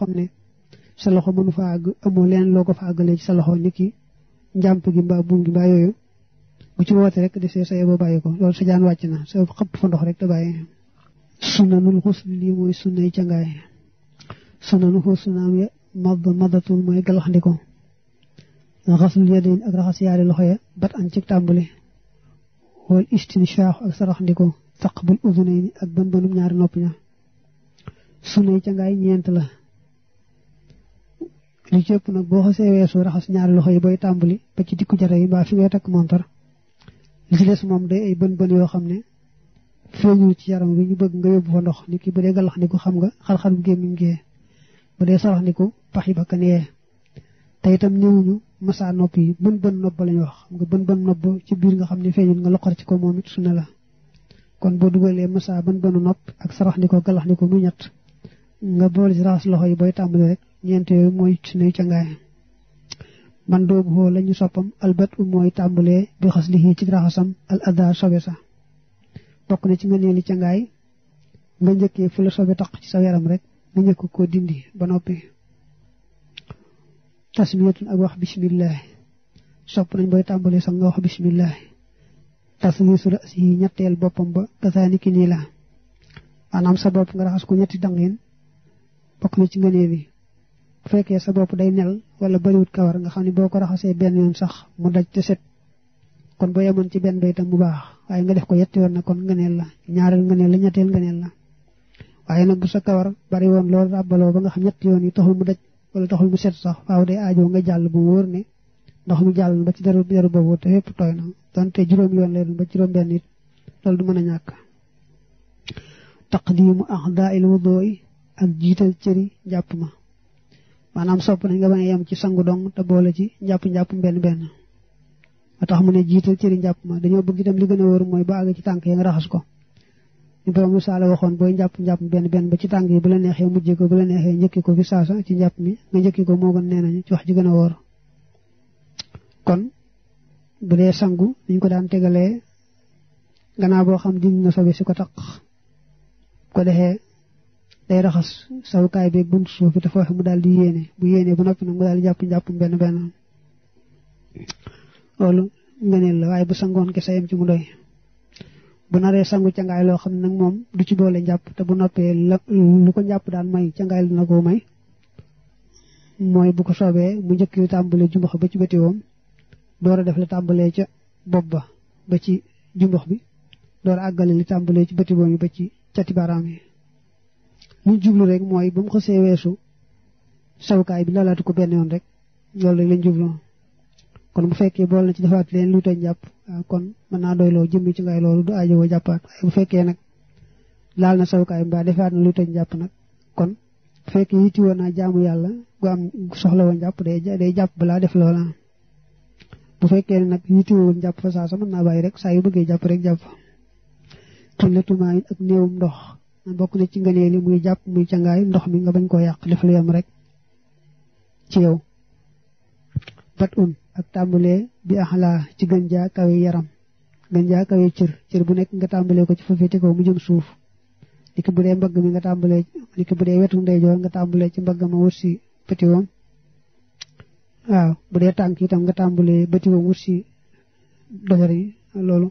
xam ne sa loxo mënu fa àgg amoo leen loo ko fa àggalee ci sa loxo ni ki njàmp gi mbaa buum gi mbaa yooyu bu ci woote rek desee sa yeboo bàyyi ko loolu sa jaan wàcc na sa xëpp fa ndox rek te bàyyi sunanul xusli lii mooy sunna yi cangaay sunanu loxo ya bat an ci tàmbali wal ñaari nopp ña sunna yi cangaay ñeent la li ci ëpp nag boo xasee weesu raxas ñaari loxo yi booy tàmbali ba ci dikku jara yi mbaa fi ngay takk montar li ci des moom de ay bën bën yoo xam ne feeñul ci yaram wi ñu bëgg nga yóbbu fa ndox ni ki bu dee galax xam nga xal-xal bu gémmiñ gee bu dee sarax ko pax yi ba ka nee te itam ñëwuñu massa nopp yi bën bën nopp lañu wax xam nga bën bën nopp ci biir nga xam ne feeñul nga loqar ci ko moom it su ne la kon boo dugalee massa bën bënu nopp ak sarax ni ko ni ko muy ñett nga boole ci loxo yi booy tàmbali rek ñeent yooyu mooy suñuy cangaay man doobu xoo la soppam albat u mooy tàmbalee bi xas lixii ci raxasam al sobe sa bokk na ci nga nee cangaay nga njëkkee fu la sobe tax ci sa yaram rek nga njëkk ko dindi ba noppi tas ak wax bismillah sopp nañ booy tàmbalee sax nga wax bismillah tasmisu la si ñetteel boppam ba kasaani ki nii la maanaam sa bopp nga raxas ko ñetti dangeen bokk na ci nga nee bu fekkee sa bopp day nel wala bariwut kawar nga xam ne boo ko raxasee benn yoon sax mu daj te set kon boo yemoon ci benn doy tam bu baax waaye nga def ko yetti yoon na kon ngëneel la ñaareel ngëneel la ñetteel ngëneel la waaye nag bu sa kawar bari woon loolu ràbbaloo ba nga xam ñetti yoon yi taxul mu daj wala taxul mu set sax faaw day aajoo nga jàll bu wóor ne ndox mu jàll ba ci deru deru boobu te fépp tooy na donte juróom yoon lay doon ba juróom benn it loolu du mën a ñàkk taqdimu ahdail wudu ak jiital cëri jàpp ma maanaam sopp nañ nga bañ a yem ci sangu dong te boole ci njàpp njàpp benn benn ba tax mu ne jiital cëri njàpp ma dañoo bëgg itam gën a wóor mooy ba ci tànk yi nga raxas ko ñu borom bi saala waxoon booy njàpp njàpp benn benn ba ci tànk yi bu la neexee mujjee ko bu la neexee njëkki ko fi saasa ci njàpp mi nga njëkki ko moo gën nee nañu ci wax ji gën a wóor kon bu dee sangu niñ ko daan tegalee gannaaw boo xam dindi na sobe si ko taq ko defee day raxas sawukaay beeg buntu suuf bi te foofu mu daal di yéene bu yéenee ba noppi nag mu daal di jàpp jàpp benn benn loolu ngëneel la waaye bu sangoon kese yem ci mu doy bu naree sangu cangaay loo xam ne nag moom du ci doole jàpp te bu noppee lu ko jàpp daan may cangaay dina ko may mooy bu ko soobee mu njëkk yu tàmbalee jumbax ba ci bëti door a def la tàmbalee ca bopp ba ba ci jumbax bi door a àggale li tàmbalee ci bëti yi ba ci cati baaraam mu jublu rek mooy ba mu xasee weesu sawukaay bi laalaatu ko benn yoon rek loolu rek lañ jublu kon bu fekkee bool na ci defaat leen luy toj jàpp ah, kon mën naa doy loo jëmmi ci ngay loolu du aajowoo jàppaat bu fekkee nag laal na sawukaay mbaa defaat na luy toj jàpp nag kon bu fekkee yittiwoon naa jaamu yàlla gu am soxla woon jàpp day day jàpp balaa def loola bu fekkee nag yittiwoon jàpp fa saa sa mën naa bàyyi rek saa yu bëggee jàpp rek jàpp xillatumaa ak néewum ndox bokk na ci ngëneel yi muy jàpp muy cangaay ndox mi nga bañ koo yàq def lu yem rek ci yow bat un ak tàmbalee bi axlaa ci gën jaa kawe yaram gën jaa kawe cër cër bu nekk nga tàmbalee ko ci fa féete ko mu jëm suuf liki bu dee mbagg mi nga tàmbalee liki bu dee wetu ndeyjoor nga tàmbalee ci mbagg ma wut si bëtiwoom waaw bu dee tànk itam nga tàmbalee bëtiwoom wut si doxor yi loolu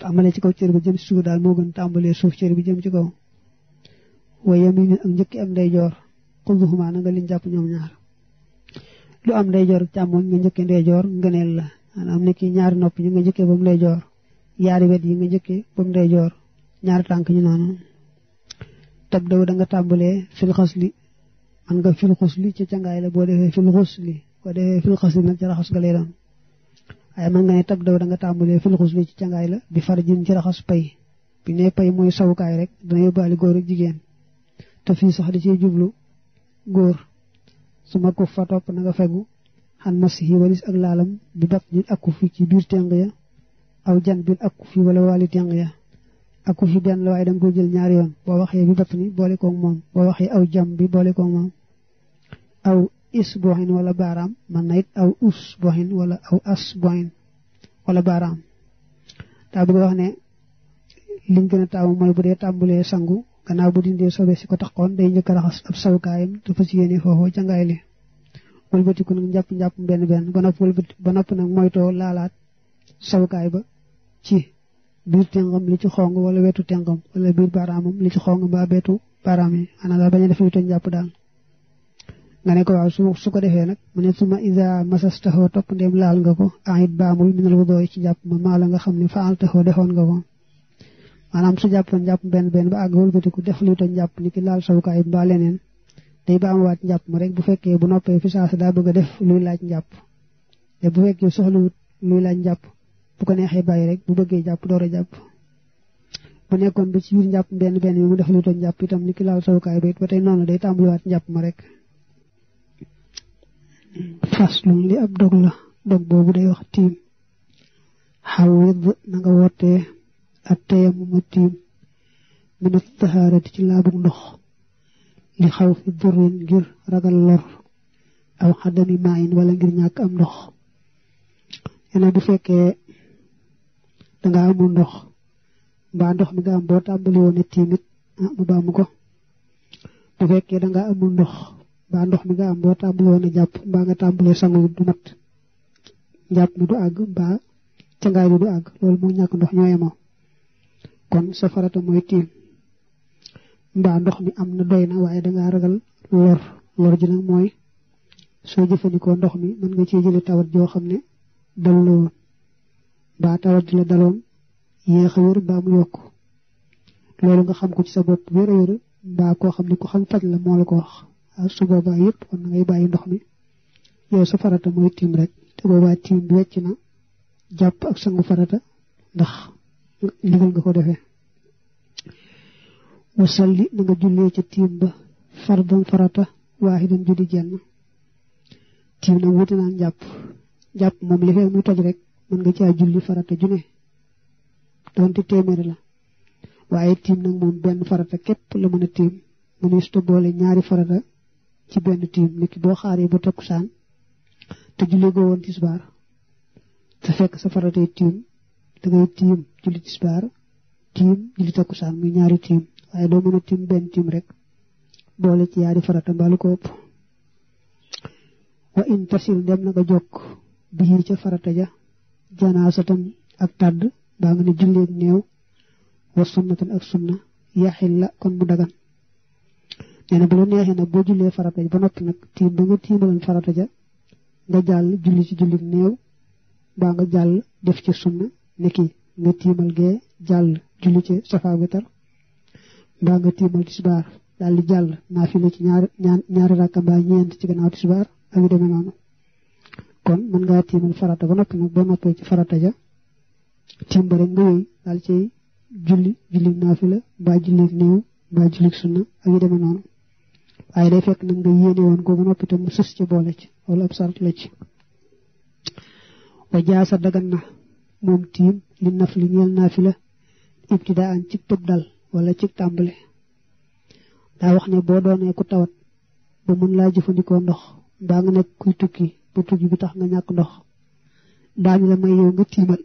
tàmbalee ci kaw cër bi jëm ci suuf daal moo gën tàmbalee suuf cër bi jëm ci kaw wa yaminu ak njëkki ak ndeyjoor kulluhuma na nga liñ jàpp ñoom ñaar lu am ndeyjoor càmmoñ nga njëkke ndeyjoor ngëneel la maanaam ne kii ñaari nopp yi nga njëkkee ba mu ndeyjoor yaari wet yi nga njëkkee ba mu ñaari tànk ñu noonu tab daw da nga tàmbalee fil xasli man nga fil xusli ci cangaay la boo defee fil xusli boo defee fil xasli nag ci raxas nga waaye mën nga ne tag daw da nga tàmbalee fil xusli ci cangaay la bi far jin ci raxas pay bi ne pay mooy sawukaay rek dana yóbbaale góor ak jigéen te fii sax di cee jublu góor su ma ko fa topp na nga fegu xan mas yi walis ak laalam bi bat nit akku ci biir teng ya aw jan bi ak fi wala wali teng ya akku fi benn la waaye da ko jël ñaari yoon boo waxee bi bat ni boole koog moom boo waxee aw jam bi boole koog moom isbohin wala baaraam man na it aw usbohin wala aw asbohin wala baaraam daa bëgg wax ne liñ gën taamu mooy bu dee tàmbulee sangu gannaaw bu dindee sobe si ko taxoon day njëkk a raxas ab sawukaayam dafa si yéene foofu jàngaay li wëlbatiku nag njàpp njàpp benn benn ba nopp wëlbati ba nopp nag moytoo laalaat sawukaay ba ci biir tengam li ci xong wala wetu tengam wala biir baaraamam li ci xong mbaa beetu baaraam yi xanaa daal bañ a def lu njàpp daal nga ne ko waaw su ma su ko defee nag mu ne suma isa masas taxoo topp ndéem laal nga ko ahit baamul minal wudoo ci jàpp ma maa la nga xam ne faal taxoo defoon nga ko maanaam su jàppoon jàpp benn benn ba àgg wëlbatiku def lu te jàpp ni ki laal sawukaay mbaa leneen day baamuwaat njàpp ma rek bu fekkee bu noppee fi saasa daa bëgg def luy laaj njàpp te bu fekkee soxlawut luy laaj njàpp bu ko neexee bàyyi rek bu bëggee jàpp door a jàpp bu nekkoon ba ci biir njàpp benn benn bi mu def lu doon jàpp itam ni ki laal sawukaay ba it ba tey noonu day tàmbaliwaat njàpp ma rek faslum li ab dog la dog boobu day wax tiim xawid na nga wootee ak tayamuma tiim min tahaarati ci laabug ndox li xaw fi durin ngir ragal lor aw xadami maayin wala ngir ñàkk am ndox yene bu fekkee danga amul ndox mbaa ndox mi nga am boo tàmbali woon tiimit ah, mu baamu ko bu fekkee danga amul ndox mbaa ndox mi nga am boo tàmbali woon jàpp mbaa nga tàmbalee sangu du mat jàpp mi du àgg mbaa cangaay bi du àgg loolu moo ñàkk ndox ñoo yemoo kon sa farata mooy tiim mbaa ndox mi am na doy na waaye dangaa ragal lor lor ji nag mooy soo jëfandikoo ndox mi mën nga cee jële tawat joo xam ne dal la woon mbaa tawat ji la daloon wér mbaa mu yokk loolu nga xam ko ci sa bopp wér wér mbaa koo xam ne ko xam faj la moo la ko wax su boobaa yëpp kon na ndox mi yow sa farata mooy tiim rek te boobaa tiim bi wecc na jàpp ak sangu farata ndax ndigal nga ko defee wasalli na nga jullee ca tiim ba fardan farata waaxidan julli jenn tiim nag moom li fee toj rek mën nga caa julli farata ju ne doonte la waaye tiim nag moom benn farata képp la mën tiim mu ne su boole ñaari farata ci benn tiim niki boo xaaree ba takkusaan te julli goo woon tisbaar te fekk sa faratee tiim da ngay tiim julli tisbaar tiim julli takkusaan muy ñaari tiim waaye doo mën a tiim benn tiim rek boole ci yaari farata mbaalu ko wa in tasil dem na nga jokk bii ca farata ja janaasatan ak tàdd baa nga ne julleeg néew wa sunnatan ak sunna yaxil la kon mu dagan nee na bu la neexee nag boo jullee farata ba noppi nag tiim ba nga tiimaloon farata ja nga jàll julli ci julli néew baa nga jàll def ci sunna niki nga tiimal gee ci safa witar mbaa nga tiimal tisbaar daal di jàll naafila ci ñaari ñaari rakka mbaa ñeent ci gannaaw tisbaar ak yu noonu kon mën ngaa tiimal farata ba noppi nag boo noppee ci farata ja tiim ba rek nga wéy daal ci julli julli naafila mbaa julli néew mbaa julli sunna ak yu noonu waaye day fekk nag nga yéene woon ko mu sës ci boole ci wala ab sart la ci wa jaasa dagan na moom tiim li naf li ñeel naafila ibtidaan ci tëb dal wala ci tàmbali daa wax ne boo doonee ku tawat ba mun laa jëfandikoo ndox mbaa nga nekk kuy tukki ba tukki bi tax nga ñàkk ndox daañu la may yow nga tiimal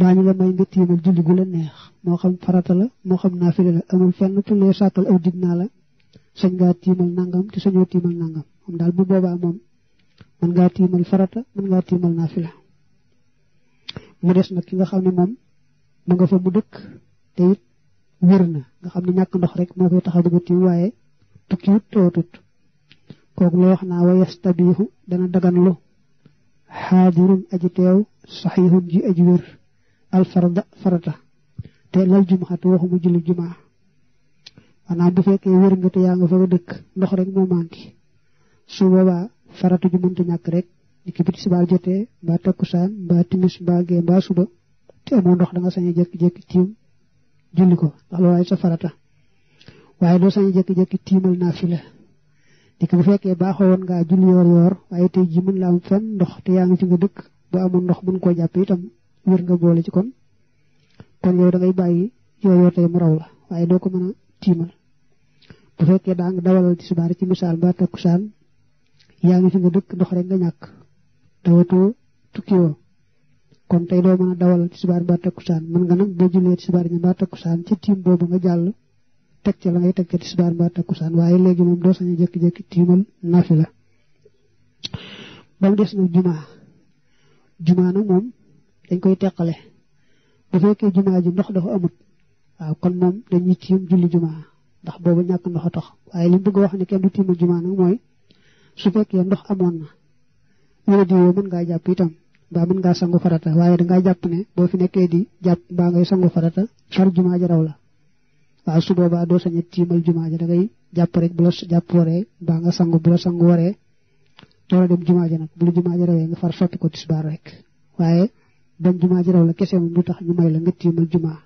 daañu la may nga tiimal julli gu la neex moo xam farata la moo xam naafila la amul fenn fu sàkkal aw dig naa la sañ ngaa tiimal nangam te sañoo tiimal nangam moom daal bu boobaa moom mën ngaa tiimal farata mën ngaa tiimal naafila mu des na ki nga xam ne moom mu nga fa mu dëkk te it wér na nga xam ne ñàkk ndox rek moo koy tax a waaye tukkiwut teewatut kooku la wax naa wa yastabihu dana dagan lu aji teew saxiihun ji aji wér alfarda farata te lal jumaa te waxuma julli jumaa maanaam bu fekkee wér te yaa nga fa nga dëkk ndox rek moo manqué su boobaa farata ju mënta ñàkk rek ni ki biti sibaar jotee mbaa takkusaan mbaa timis mbaa gee mbaa suba te amoo ndox da nga sañ a ko ndax loolu waaye doo sañ a jékki-jékki tiimal naafila ni ki bu fekkee baaxoo woon ngaa julli yoor yoor waaye tey ji mën la am fenn ndox te yaa ngi ci nga dëkk bu amul ndox mën koo jàpp itam wér nga boole ci kon kon yow da ngay bàyyi yoo yor tey mu raw la waaye doo ko mën tiimal bu fekkee daa nga dawalal ci subaar ci misaal ba takkusaan yaa ngi fi nga dëkk dox rek nga ñàkk dawatoo tukki woo kon tey doo mën a dawalal ci subaar ba takkusaan mën nga nag boo jullee ci subaar ñi ba takkusaan ci tiim boobu nga jàll teg ca la ngay teg ca ci subaar ba takkusaan waaye léegi moom doo sañ a jékki-jékki tiimal naafi la ba mu des nag jumaa jumaa nag moom dañ koy teqale bu fekkee jumaa ji ndox dafa amut waaw kon moom dañuy tiim julli jumaa ndax boobu ñàkk ndox a tax waaye li bëgg a wax ne kenn du tiimul jumaa nag mooy su fekkee ndox amoon na wala di mën sangu farata waaye dangaa jàpp ne boo fi nekkee di jàpp mbaa ngay sangu farata far jumaa su boobaa doo sañ a tiimal jumaa dangay jàpp rek bu la jàpp waree nga sangu sangu waree door a dem jumaa ja nag bu la jumaa ja nga far soppi ko tisbaar rek bañ jumaa ji raw la kese moom lu tax ñu may la nga tiimal jumaa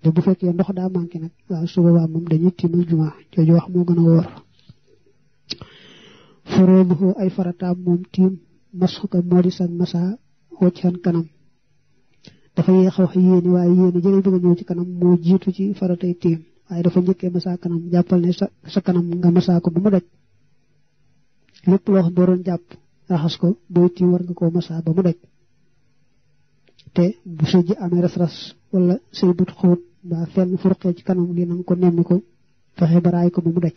te bu fekkee ndox daa manqué nag waaw su boobaa moom dañuy tiimal jumaa jooju wax moo gën a wóor foroobu ay farataam moom tiim masxu ko moo di sag kanam dafa yéex wax yéene waaye yéene jële bëgg a ci kanam moo jiitu ci faratay tiim waaye dafa njëkkee masa kanam jàppal ne sa kanam nga masa ko ba mu daj lépp loo xam boo jàpp raxas ko booy tiim war nga koo masa ba mu daj te bu sëy ji amee ras-ras wala sëy but xóot ba fenn furqee ci kanam li nanga ko nemmi ko fexe baraay ko ba mu daj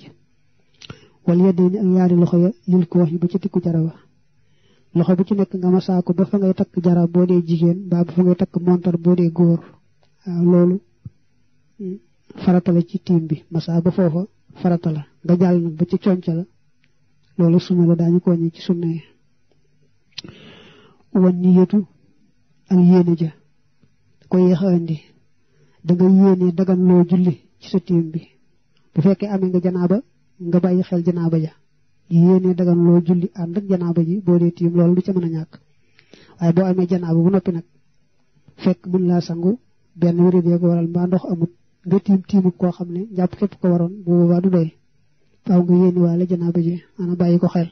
wala yeddee ni ak loxo ya lil ko wax yi ba ci tikku jara wa loxo bu ci nekk nga masaa ko ba fa ngay takk jara boo dee jigéen ba ba fa ngay takk montar boo dee góor loolu mm, farata la ci tiim bi masaa ba foofa farata la nga jàll nag ba ci conca la loolu sunna la daañu ko wàññi ci sunna yi wan niyatu ak yéene ja da ko yéex a yéene dagan julli ci sa tiim bi bu fekkee amee nga janaaba nga bàyyi xel janaaba ja yéene dagan loo julli ànd ak janaaba ji boo dee tiim loolu du mën a ñàkk waaye boo amee janaaba bu noppi nag fekk mën laa sangu benn wéri bee ko waral mbaa ndox amut nga tiim tiimu koo xam ne jàpp képp ko waroon bu boobaa du doy faaw nga yéene waale janaaba ji maanaam bàyyi ko xel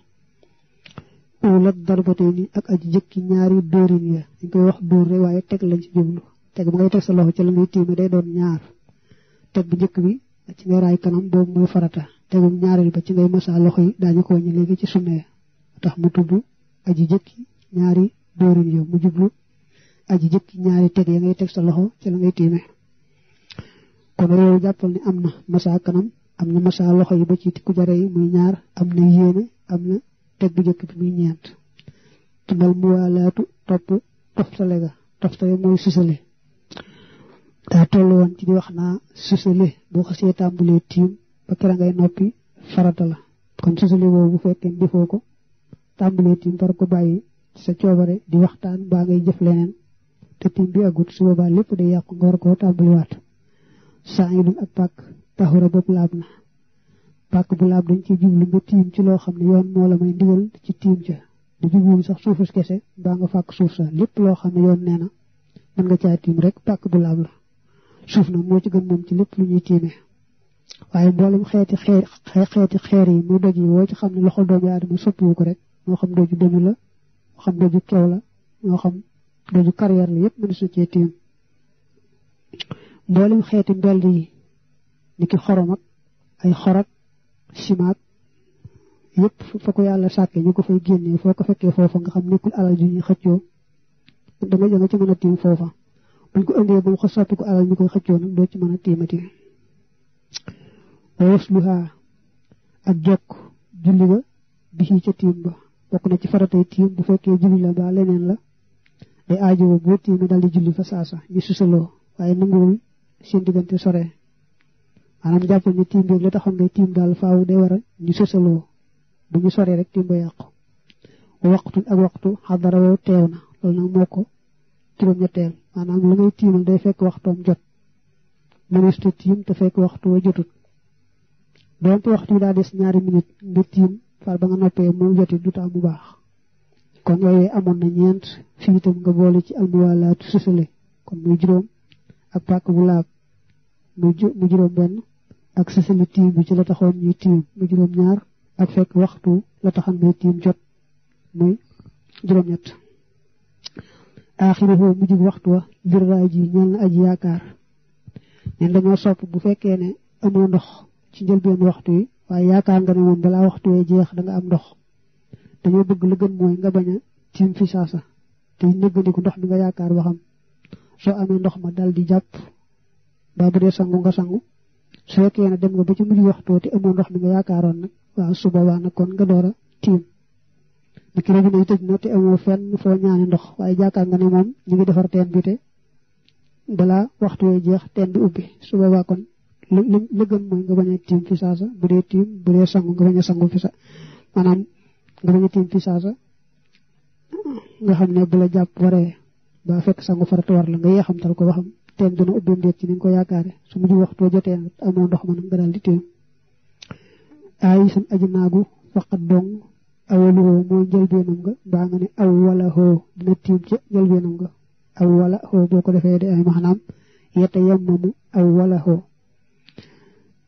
awlat darbatayni ak aji jëkki ñaari dóorin ya dañ waaye teg lañ ci jublu teg ci la ngay tiime day doon ñaar teg bu njëkk bi ci ngay raay kanam boobu mooy farata tegum ñaareel ba ci ngay masa loxo yi daañu ko ci sunne tax mu tudd aji jëkki ñaari dóorin ya mu jublu aji jëkki ñaari teg ya ngay teg sa loxo ci la ngay tiime kon yow jàppal ni am na masa kanam am na masa loxo yi ba ci tikku jare muy ñaar am na yéene am na teg bu njëkk bi muy ñeent tumal muwaalaatu topp toftale ga toftale mooy susale daa toll woon ci di wax naa susale boo see tàmbalee tiim ba kera ngay noppi farata la kon susale boobu bu fekkee defoo ko tàmbalee tiim war ko bàyyi sa coobare di waxtaan baa ngay jëf leneen te tiim bi agut su boobaa lépp day yàqu nga war koo tàmbaliwaat saa ngi dun ak pàkk taxura bopp laab na pàkk bu laab dañ ci jublu nga tiim ci loo xam ne yoon moo la may ndigal ci tiim ca di jubluwuñ sax suufus kese baa nga fàkk suuf sa lépp loo xam ne yoon nee na mën nga caa tiim rek pàkk bu laab la suuf nag moo ci gën moom ci lépp lu ñuy tiimee waaye mboolem xeeti xeer xeeti xeer yi muy doj yi woo ci xam ne loxo doomu aadama soppiwu ko rek moo xam doju demi la moo xam doju kew la moo xam doju carrière la yépp mënees na cee tiim mboolem xeeti mbeld yi ni ki xorom simaak yëpp fa ko yàlla sàkke ñu ko fay génnee foo ko fekkee foofa nga xam nekkul alal ju ñuy xëccoo danga danga ci a tiim foofa buñ ko indee ba mu xas soppi ko alal ñu koy xëccoo nag doo ci mën a tiimati wasluha ak jokk julli ga bi ca tiim ba bokk na ci faratay tiim bu fekkee julli la ba leneen la day aajowoo boo tiimee daal di julli fa saasa ñu susaloo waaye nanguwul seen diggante sore maanaam jàpp mi tiim bi la taxoon ngay tiim daal faaw day war a ñu sësaloo bu ñu soree rek tiim ba yàqu waxtu ak waxtu xadara woo teew na loolu nag moo ko juróom-ñetteel maanaam lu ngay day fekk waxtoom jot mëneestu tiim te fekk waxtu wa jotut doonte waxtu wi daa des ñaari minute nga tiim far ba nga noppee moom joti du tax bu baax kon yooyu amoon na ñeent fii itam nga boole ci almuwaalaatu sësale kon muy juróom ak pàkk bu laab mu juróom benn ak sësëli tiim bi ci la taxoon ñuy tiim mu juróom ñaar ak fekk waxtu la taxam ngay tiim jot muy juróom ñett aaxiri foofu mujjug waxtu wa bir raay ji ñal na aj yaakaar ñen dañoo sopp bu fekkee ne amoo ndox ci njëlbeen waxtu yi waaye yaakaar nga ne moom balaa waxtu wee jeex danga nga am ndox dañoo bëgg la gën mooy nga bañ a tiim fi saasa te nëggandiku ndox bi nga yaakaar ba xam soo amee ndox ma dal di jàpp ba bu dee sangu nga sangu su fekkee ne dem nga ba ci mujj waxtu te amoon ndox mi nga yaakaaroon nag waaw su kon nga door a tiim niki robinet yi te amoo fenn foo ñaane ndox waaye jaakaar nga ne moom ñu ngi defar bi te balaa waxtu yooyu jeex teen bi ubbi su kon li li mooy nga bañ a tiim fi bu dee tiim bu dee sangu sa maanaam nga xam ne bu la jàpp waree ba fekk sangu farata war la nga yee xam ko waxam teen dana ubbi ndéet ci ni nga ko yaakaare su mujj waxtoo jotee amoo ndox ma nag nga daal di téye ayi san aji naagu faqat dong awalu woo mooy njëlbeenam nga baa nga ne aw wala hoo dina tiim ca njëlbeenam nga aw wala hoo boo ko defee de ay maanaam yete yemmamu aw wala hoo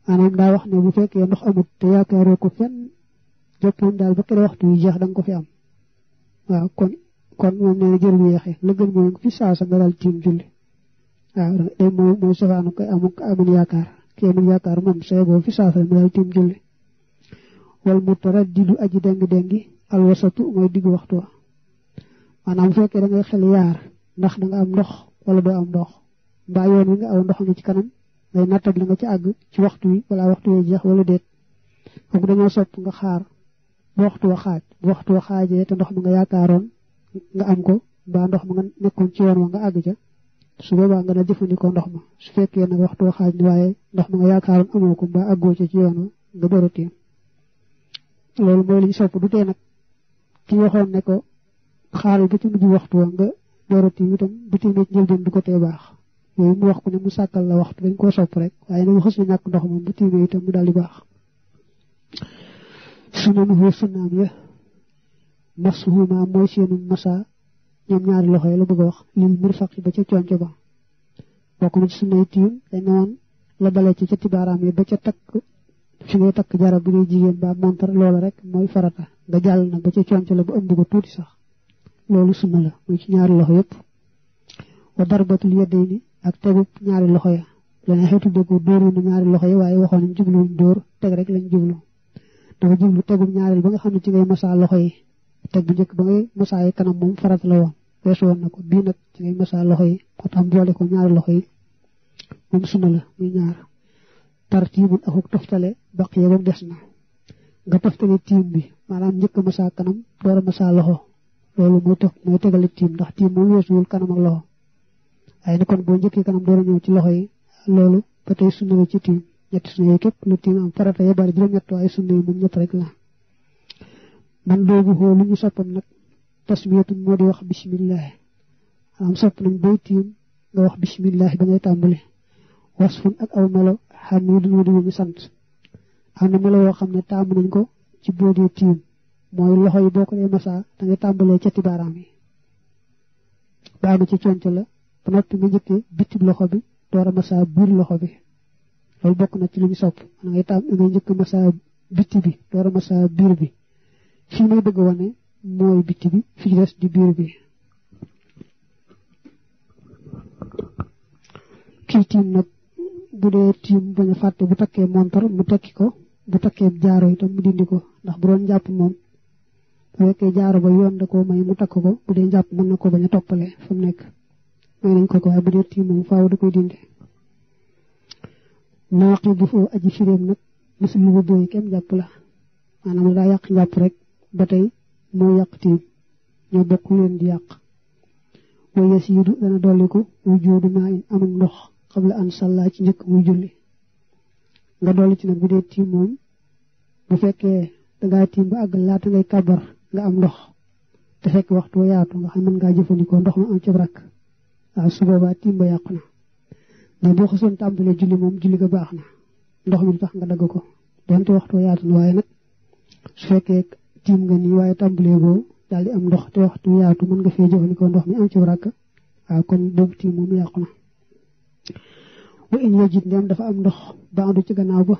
maanaam daa wax ne bu fekkee ndox amut te yaakaaroo ko fenn jàppoon daal ba kere waxtu yu jeex danga ko fi am waaw kon kon moom nee na jël yeexe la gën mooy fi saasa nga waaw day eh, mooy mooy koy amul yaakaar kii amul yaakaar moom sooy boo fi saafara mu daal tiim julli wal mutaraddidu aji dengi dengi alwasatu mooy digg waxtu wa maanaam bu fekkee da ngay xel yaar ndax da am ndox wala doo am ndox mbaa yoon wi nga aw ndox nga ci kanam ngay nattab la nga ci àgg ci waxtu wi wala waxtu wi jeex wala déet kooku dañoo sopp nga xaar bu waxtu wa xaaj bu waxtu wa xaajee te ndox ma nga yaakaaroon nga am ko mbaa ndox ma nga nekkoon ci yoon wa nga àgg ca su boobaa nga na jëfandikoo ndox ma su fekkee nag waxtu xaaj ni waaye ndox ma nga yaakaaroon amoo ba àggoo ci ci nga bëru tiim loolu mooy liñ sopp du tee nag ki waxoon ne ko xaaral ba ci mujj waxtu wa nga bëru tiim itam bu tiimee ci njëlbeen du ko tee baax yooyu mu wax ko ne mu sàkkal la waxtu dañ koo sopp rek waaye nag mu xës na ndox moom bu tiimee itam mu daal di baax su ma xoo sunnaam ya masuhuma ñoom ñaari loxo yi la bëgg a wax lil mirfaqi ba ca conco ba bokk na ci sunnay tiim dañ ne woon la bale ci ca tibaaraam yi ba ca takk fi ngay takk jarab bu dee jigéen ba montar a rek mooy farata nga jàll na ba ca conco la ba ëmb ko tuuti sax loolu sunna la muy ci ñaari loxo yëpp wa darbatul yadayni ak tegub ñaari loxo ya lana xeetu dëggu dóoru na ñaari loxo yi waaye waxoon nañ jubluñ dóor teg rek lañ jublu dafa jublu tegub ñaareel ba nga xam ne ci ngay masaa loxo yi te bu njëkk ba ngay masaa yi kanam moom farat la woon weesu woon na ko bii nag ci ngay masaa loxo yi moo tax boole ko ñaari loxo yi moom suna la muy ñaar tartiibul akuk toftale baq ya ba des na nga toftale tiim bi maanaam njëkk masaa kanam door a masaa loxo loolu mooy tof mooy tegale tiim ndax tiim moom weesuwul kanam ak loxo waaye nag kon boo njëkkee kanam door a ñëw ci loxo yi loolu ba tey suna la ci tiim ñetti suna yi képp lu tiim am farata ya bari juróom-ñett waaye suna rek la man doogu xool li ñu soppam nag tasmiyatu moo di wax bisimilah am sopp nañ bay tiim nga wax bisimilah ba ngay tàmbali wasfun ak aw melo xam ne sant na melo yoo xam ne taamu nañ ko ci boo dee tiim mooy loxo yi boo ko dee masaa da ngay tàmbalee cati baaraam yi baamu ci conc la ba noppi nga njëkkee bitib loxo bi door a masaa biir loxo bi loolu bokk na ci li ñu sopp da ngay tàmm da njëkk masaa biti bi door a masaa biir bi fi muy bëgg wane mooy bitti bi fi des di biir bi kii tiim nag bu dee tiim bañ fàtte bu takkee montor mu tekki ko bu takkee jaaro itam mu dindi ko ndax bu doon jàpp moom jaaro ba yoon da ko may mu takk ko bu dee jàpp mën na ko bañ a toppale fa mu nekk nañ ko ko waaye bu dee tiim moom faaw da koy dindi naaqi bu foo aji firéem nag mosul lu ba booy kenn jàpp la maanaam daa yàq njàpp rek ba tey moo yàq tiim ñoo bokk leen di yàq wa yasiidu dana dolliku wujudu maa in amum ndox xabla an sàllaa ci njëkk muy julli nga dolli ci nag bu dee tiim moom bu fekkee dangaa tiim ba àgg laata ngay kàbbar nga am ndox te fekk waxtu wa yaatu nga xam mën ngaa jëfandikoo ndox ma am ci rakk waaw su boobaa tiim ba yàqu na ndax boo xasoon tàmbalee julli moom julli ga baax na ndox mi tax nga dagg ko donte waxtu wa yaatu na waaye nag su fekkee tiim nga nii waaye tàmbalee goo daal di am ndox te waxtu yaatu mën nga fee jëfandikoo ndox mi am ci rakk waaw kon boobu tiim moom yàqu na dafa am ndox baandu ci gannaaw ba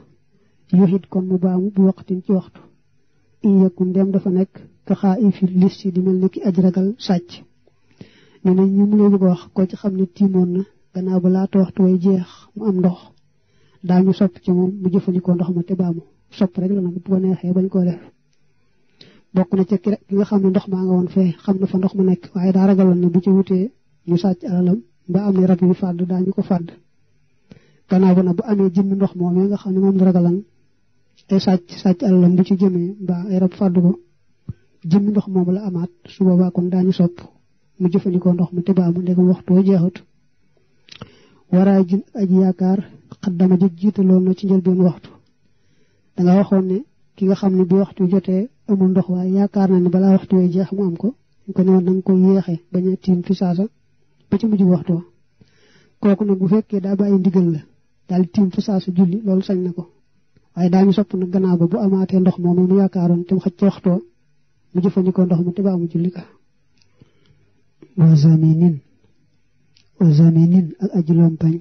yoxit kon mu baamu bu iñ ci waxtu in yëkku ndeem dafa nekk ka xaa i fi lis si di mel ni ki aj ragal sàcc nee na ñu mu leen ko wax ko ci xam ne tiimoon na gannaaw ba laata waxtu way jeex mu am ndox daañu sopp ci moom mu jëfandikoo ndox ma te baamu sopp rek la nag bu ko neexee bañ koo def bokk na ca ki nga xam ne ndox maa nga woon fee xam na fa ndox ma nekk waaye daa ragaloon ne bu ci wute ñu sàcc alalam ba amee rab yu fàdd daañu ko fàdd gannaaw ba nag bu amee jëmmi ndox moom nga xam ne moom la ragalan ay sàcc sàcc alalam bu ci jëmee ndox moom la amaat su boobaa kon daañu sopp mu jëfandikoo ndox mi te baa mu ndegam waxtoo jeexut waraa ji aj yaakaar xaddama ji jiitaloon na ci njëlbeen waxtu danga waxoon ne ki nga xam ne bi waxtu jotee amul ndox waaye yaakaar na ne balaa waxtu yooyu jeex mu am ko ñu ko newoon na nga ko yéexee bañ a tiim fi saasa ba ci mujj waxtu wa kooku nag bu fekkee daa bàyyi ndigal la daal di tiim fi saasa julli loolu sañ na ko waaye daañu sopp nag gannaaw ba bu amaatee ndox moom mu yaakaaroon te mu xëcc ca waxtu wa mu jëfandikoo ndox mu te ba amu julli ka wa zaminin wa zaminin ak aji lompañ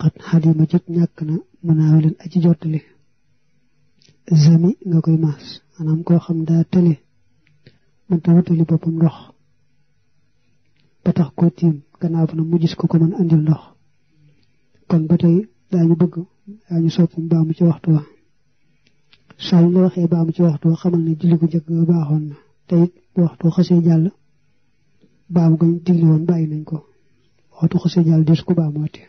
xat xadima jot ñàkk na mënaawilan aji jottali zami nga koy maas maanaam koo xam daa tële man tawatali boppam ndox ba tax ko tiim gannaaw ba na mu gis ko ko mën andil ndox kon ba tey daañu bëgg daañu sopp mu baamu waxtu wa soo la waxee baamu ci waxtu wa xamal ne julli ko jëkk baaxoon na te it waxtu xasee jàll baamu gañ digli woon bàyyi nañ ko waxtu xasee jàll des ko baamooti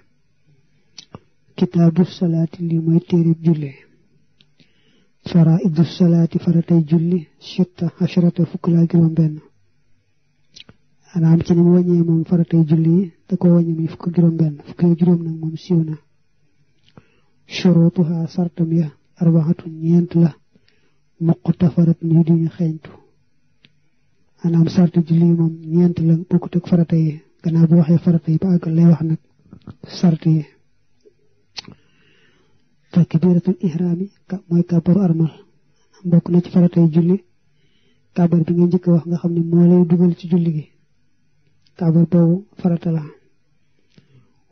kitaabu salaati lii mooy téereb julli faraidu salaati faratay julli sitta asharata fukk laa juróom benn anaam ci ni mu wàññee moom julli yi da ko wàññi muy fukk juróom benn fukk ya juróom nag moom siiw na shorotuha sartam sarta yi moom ñeent la bokkut ak farata yi gannaaw bu waxee farata yi ba lay wax nag sart yi takbiratul ihraami mooy kàbbaru njëkk wax nga xam ne ci julli gi kàbbar boobu farata la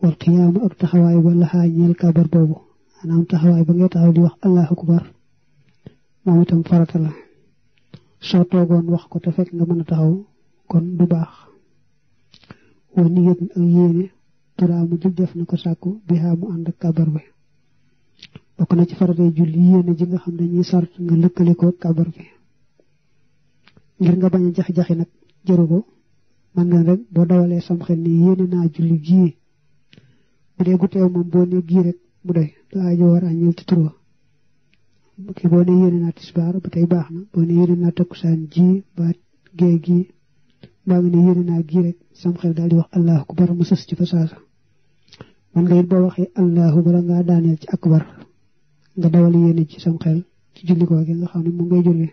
wal qiyaamu ak taxawaay ba laxaa ñeel boobu maanaam taxawaay ba ngay taxaw di wax allahu akbar moom itam farata la soo toogoon wax ko te fekk nga mën a taxaw kon du baax wa niyat ak yéene turaa mu def na ko sàkku bi mu ànd ak bi bokk na ci faratay julli yéene ji nga xam ne ñuy sart nga lëkkale ko kabar bi ngir nga bañ a jax-jaxi nag jëru ko man nga rek boo dawalee sam xel ni yéene naa julli gii bu dee gu teew moom boo ne gii rek mu doy da aajo war añeel ci turwa ki boo ne yéene naa tisbaar ba tey baax na boo ne yéene naa takkusaan ji ba gee gii mbaa nga ne yéene naa gii rek sam xel daal di wax allahu akbar mu sës ci fa saasa mën nga it boo waxee allahu bala ngaa daaneel ci akbar nga dawal yéene ci sam xel ci julli googu nga xam ne mu ngay julli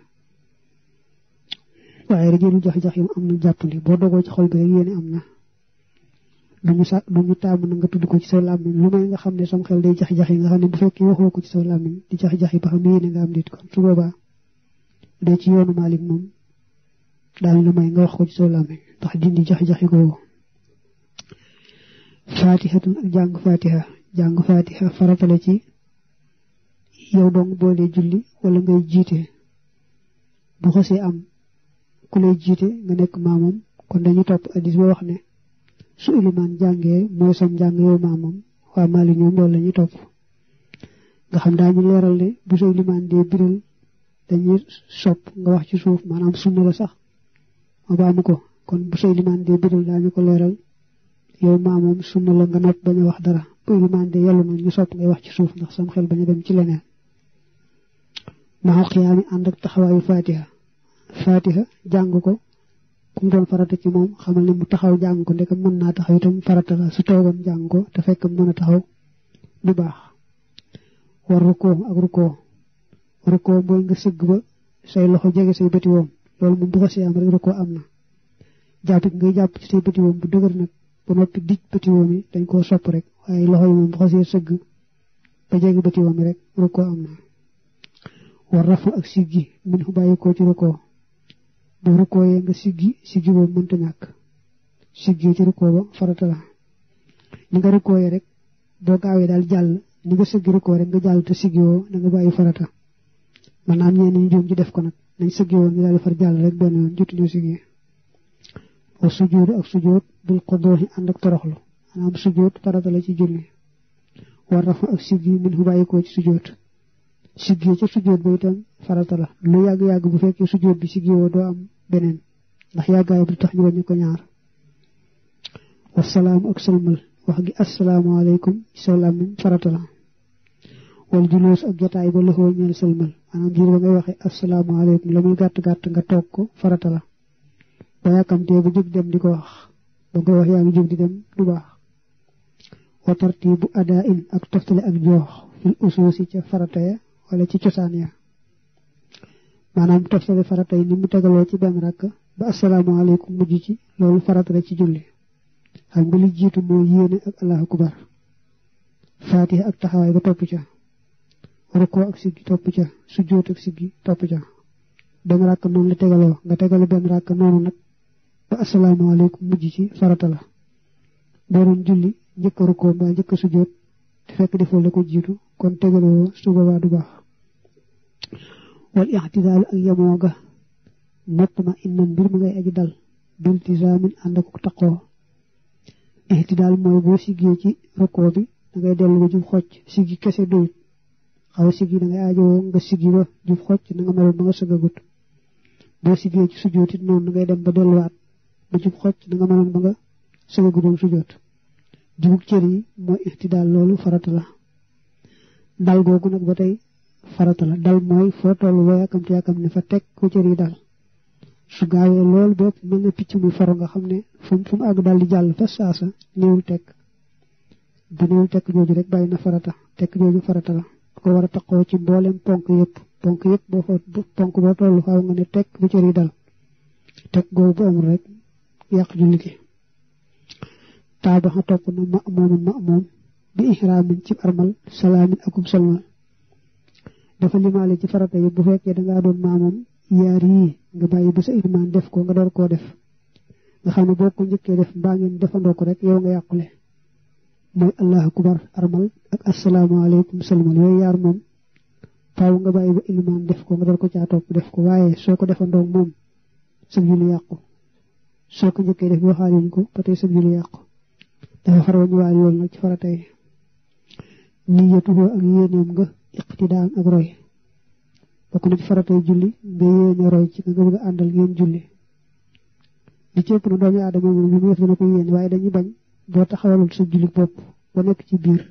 waaye rek yéen jax-jax yi am na jàppandi boo dogoo ci xol bi rek yéene am na duñu sa duñu taamu na nga tudd ko ci sa làmmiñ lu may nga xam ne sam xel day jax-jax yi nga xam ne bu fekkee waxoo ko ci sa làmmiñ di jax-jax yi ba xam ne yéene nga am nit kon su boobaa ci yoonu Maalik moom daal lu may nga wax ko ci sa làmmiñ ndax dindi jax-jax ko googu faatiha ak jàng faatiha jàng faatiha faratale ci yow dong boo dee julli wala ngay jiite bu xasee am ku lay jiite nga nekk maamam kon dañu topp addis ba wax ne su ilimaan jàngee mooy sam njàng yow maamam waa Maalik ñoom loolu la ñuy topp nga xam daañu leeral ne bu sa ilimaan dee biral dañuy sopp nga wax ci suuf maanaam sunna la sax ma baamu ko kon bu sa ilimaan dee biral daañu ko leeral yow maamam wax dara bu ilimaan dee yàlla ngay wax ci suuf ndax sam xel bañ a dem ci leneen maa xiyaami ànd ak taxawaayu fatiha fatiha jàng ko ku mu doon farata ci moom xamal ne mu taxaw jàng ko ndekam mën naa taxaw itam farata la su toogoon jàng ko te fekk mën a taxaw bu baax war rukkoo ak rukkoo rukkoo mooy nga sëgg ba say loxo jege say bëti woom loolu moom bu see am rek rukkoo am na jàpp gi ngay jàpp ci say bëti woom bu dëgër nag ba noppi dij bëti woom yi dañ koo sopp rek waaye loxo yi moom bu see sëgg ba jege bëti woom yi rek rukkoo war rafa ak siggi min fu bàyyi ko ci rukkoo boo rukkooyee nga siggi siggi boobu mënta ñàkk siggi ci rukkoo ba farata la ni nga rukkooyee rek boo gaawee daal jàll ni nga sëggi rukkoo rek nga jàll te siggi woo na nga bàyyi farata maanaam ñeen def ko nag nañ sëggi woon ñu jàll rek benn yoon jotuñu siggi wa sujuud ànd ak toroxlu maanaam sujuud farata la ci julli war rafa ak siggi min fu bàyyi ci sujuud siggee ca sujjóot ba itam farata la lu yàgg-yàgg bu fekkee sujjóot bi siggeewoo doo am beneen ndax yàggaay bi tax ñu wàññi ko ñaar wasalaamu ak salmal wax gi asalaamaaleykum salaam farata la wal ba ngay waxee asalaamaaleykum la muy gàtt-gàtt nga toog ko farata la ba yàkkamtee bu jóg dem di ko wax ba nga koy wax yaa ngi jóg di dem du baax wa tartibu adaa in ak toftale ak joox fil usuusi ca farata ya wala cosaan ya maanaam toftale farata yi ci benn rakk ba asalaamaaleykum mujj ci loolu ci julli xam nga jiitu mooy yéene ak allahu akbar taxawaay ba topp ca ca sujjóot ak siggi topp ca nga tegalu benn rakk noonu nag ba asalaamaaleykum mujj ci farata la boo doon julli rukkoo mbaa njëkk a te fekk defoo la ko jiitu kon tegaloo su boobaa du baax wal i'tidaalu ak yemoo ga mutma inna mbir ma ngay aji dal bil tisaamin ànd ak taqoo i'tidaal mooy boo siggee ci rëkkoo bi dangay dellu ba jub xocc siggi kese doyut xaw siggi dangay aajowoo nga siggi ba jub xocc na nga meloon ba nga sëggagut boo siggee ci sujjóot it noonu dangay ba delluwaat ba jub xocc na nga meloon ba nga sëggagutoon cër yi mooy i'tidaal loolu farata la dal googu nag ba tey farata la dal mooy foo tollu loo yàkkamti yàkkamti fa teg ko cër yi dal su gaawee loolu bopp mën na picc muy faru nga xam ne fu mu fu mu àgg dal di jàll fa saasa néewul tekk bu néewul tekk jooju rek bàyyi na farata tekk jooju farata la ko wara a taqoo ci mboolem ponk yëpp ponk yëpp boo fa ponk boo tollu faaw nga ne tekk bu cër dal tekk googu bu amul rek yàq julli gi taabaxa topp na ma moomun ma moom bi ihraamin ci armal salaamin akum salmal dafa limaale ci farata yi bu fekkee dangaa doon maamam yaar yii nga bàyyi ba sa ilmaan def ko nga door koo def nga xam ne boo ko njëkkee def mbaa ngeen defandoo ko rek yow nga yàqule mooy allah akbar armal ak asalaamaaleykum salmal yooyu yaar moom faaw nga bàyyi ba ilmaan def ko nga door ko caa def ko waaye soo ko defandoo moom sa julli yàqu soo ko njëkkee def boo xaaliñ ko ba tey sa julli yàqu dafa xar wañu waay loolu nag ci farata yi ak iqtidaan ak roy bokk na ci faratay julli nga yéene roy ci nga bëgg a àndal ngeen julli li ci ëpp na doomi aadama moom li mu def dana ko yéene waaye dañuy bañ boo taxawalul sa julli bopp ba nekk ci biir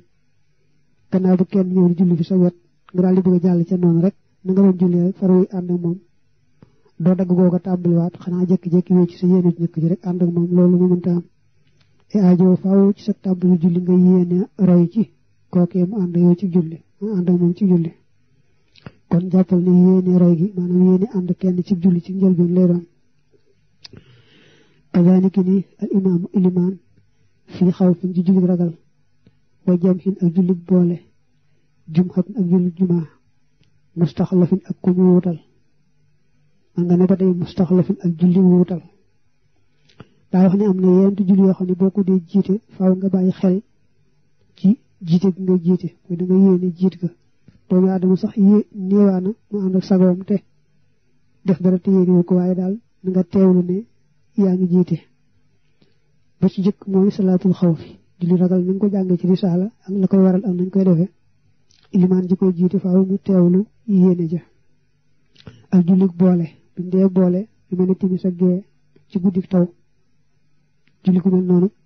gannaaw bu kenn ñëwul julli bi sa wet nga daal di bëgg a jàll ca noonu rek na nga julli rek faro ànd moom doo dagg googa tàmbaliwaat xanaa jékki-jékki wéy ci sa yéene ñëkk ji rek ànd moom loolu mu mënta am e aajo faaw ci sa tàmbali julli nga yéene roy ci kookee nga ànd moom ci julli kon jàppal ne yéene rey gi maanaam ànd kenn ci julli ci njëlbeen lay doon kazaalika ni al imaamu ilimaan fii xaw fin ci julli ragal wa jam ak julli boole jumxatin ak julli jumaa mustaxlafin ak kuñu wuutal man nga ne ba tey ak julli wuutal daa wax ne am na yeenti julli yoo xam ne boo dee jiite faaw nga bàyyi xel ci jiite gi nga jiite mooy da yéene jiit ga doomu aadama sax yée néewaana mu ànd ak sagoom te def dara te yéenewu ko waaye daal na nga teewlu ne yaa ngi jiite ba ci jëkk mooy salaatul xaw fi julli ragal na nga ko jàngee ci risaala ak la koy waral am nañ koy defee ilimaan ji koy jiite faaw mu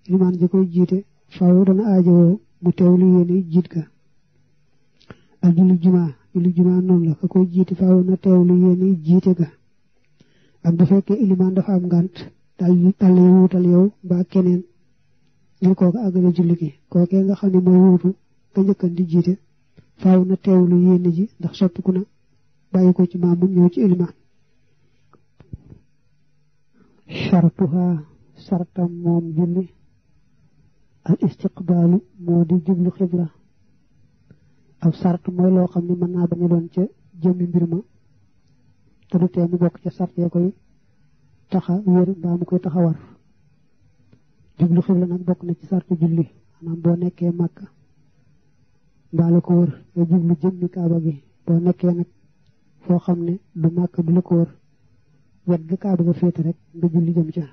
noonu ilimaan dana aajowoo mu teewlu yéene jiit ga ak julli jumaa julli jumaa noonu la ka koy jiite faaw na teewlu yéene jiite ga ak bu fekkee ilimaan dafa am ngànt daal daal lay wuutal yow keneen ngir kooku àggale julli gi kookee nga xam ne mooy wuutu nga njëkkan jiite faaw na teewlu yéene ji ndax soppiku na bàyyi ko ci maamun ñëw ci ilimaan sartuha sartam moom julli al istiqbaalu moo di jublu xibla ab sart mooy loo xam ne mën naa bañ doon ca jëmmi mbir ma te du tee mu bokk ca sart ya koy taxa wér mbaa mu koy taxa war jublu xibla nag bokk na ci sart julli maanaam boo nekkee màkk mbaa la ko wër nga jublu jëmmi kaaba gi boo nekkee nag foo xam ne du Màkka du la ko wër wet ga kaaba ga féete rek nga julli jëm ca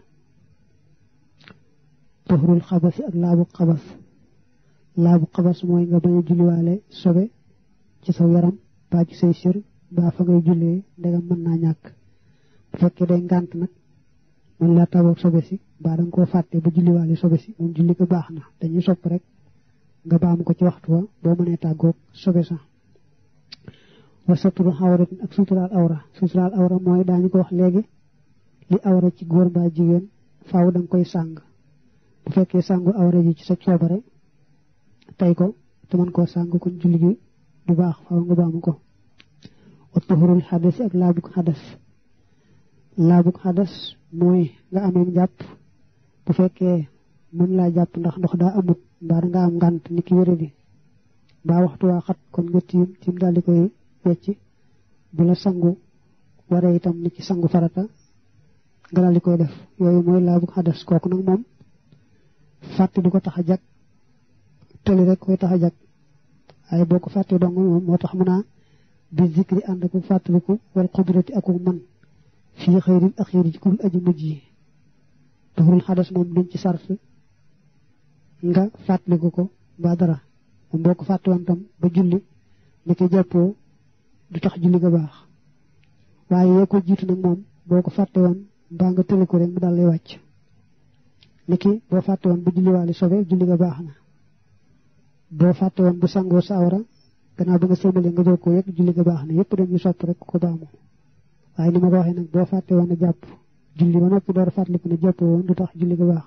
tuxurul xabasi ak laabu xabas laabu xabas mooy nga bañ a julliwaale sobe ci sa yaram baa ci say sër baa fa ngay jullee ndegam mën naa ñàkk bu fekkee day ngànt nag mën laa taboog sobe si baa da nga koo fàtte ba julliwaale sobe si moom julli ko baax na dañuy sopp rek nga baam ko ci waxtu wa boo mënee tàggoog sobe sax wa satru awratin ak suturaal awra suturaal awra mooy daañu ko wax léegi li awra ci góor mbaa jigéen faaw da koy sàng bu fekkee sangu awra ji ci sa coobare tey ko te mën koo sangu kon julli ji du baax faaw nga baamu ko wa tuhurul xadas ak laabug xadas laabug xadas mooy nga amee njàpp bu fekkee mën laa jàpp ndax ndox daa amut mbaa da nga am ngànt ni ki wéradi mbaa waxtu waa xat kon nga tiim tiim daal di koy wecc bu la sangu waree itam ni ci sangu farata nga daal di koy def yooyu mooy laabug xadas kooku nag moom fàtte du ko tax a jag tëli rek koy tax a jag waaye boo ko fàttee dong moom moo tax mën naa bi zikri ànd ak fàttaliku wal qudrati ak man fii xëyril axiri ci kul aju mujj yi doxurul xadas moom nañ ci sarf nga fàttaliku ko baa dara moom boo ko fàtte woon tam ba julli ni ko jàppoo du tax julli nga baax waaye yoo ko jiitu nag moom boo ko fàtte woon mbaa nga tëli ko rek mu daal lay wàcc niki boo fàtte woon bu julliwaale sobe julli nga baax na boo fàtte woon bu sangoo sa awra gannaaw ba nga sëlmale nga door ko yegg julli nga baax na yëpp dañuy sopp rek ko baamu waaye ni ma ko waxee nag boo fàtte woon a jàpp julli ba noppi door fàttaliku ne jàpp woon du tax julli nga baax